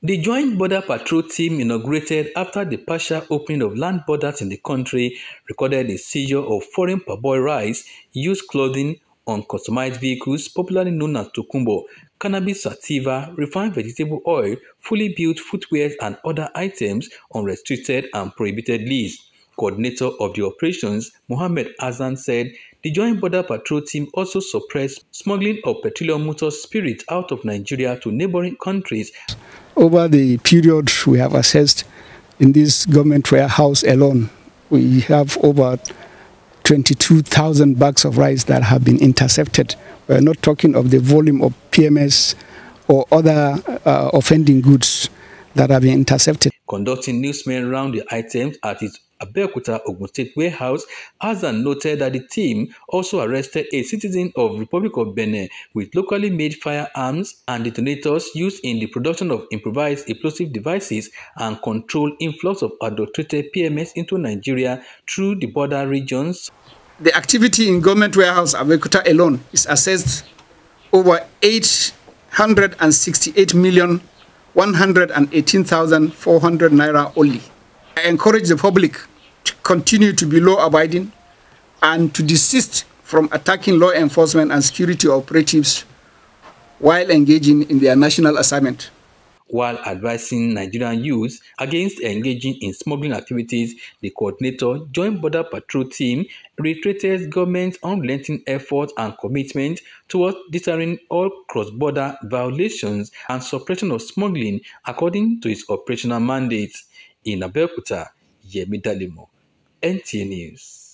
The Joint Border Patrol team inaugurated after the partial opening of land borders in the country recorded the seizure of foreign parboiled rice, used clothing on customized vehicles popularly known as tokumbo, cannabis sativa, refined vegetable oil, fully built footwear and other items on restricted and prohibited lists. Coordinator of the operations, Mohammed Azan said the Joint Border Patrol team also suppressed smuggling of petroleum motor spirit out of Nigeria to neighboring countries over the period we have assessed in this government warehouse alone, we have over 22,000 bags of rice that have been intercepted. We're not talking of the volume of PMS or other uh, offending goods that have been intercepted. Conducting newsmen round the items at its Abeokuta Ogun State warehouse, Azan noted that the team also arrested a citizen of Republic of Benin with locally made firearms and detonators used in the production of improvised explosive devices and controlled influx of adulterated PMS into Nigeria through the border regions. The activity in government warehouse Abeokuta alone is assessed over eight hundred and sixty-eight million one hundred and eighteen thousand four hundred naira only. I encourage the public to continue to be law abiding and to desist from attacking law enforcement and security operatives while engaging in their national assignment. While advising Nigerian youths against engaging in smuggling activities, the coordinator, Joint Border Patrol Team, reiterated government's unrelenting efforts and commitment towards deterring all cross-border violations and suppression of smuggling according to its operational mandates. in Abeokuta, Yemi Dalimo, NTA News.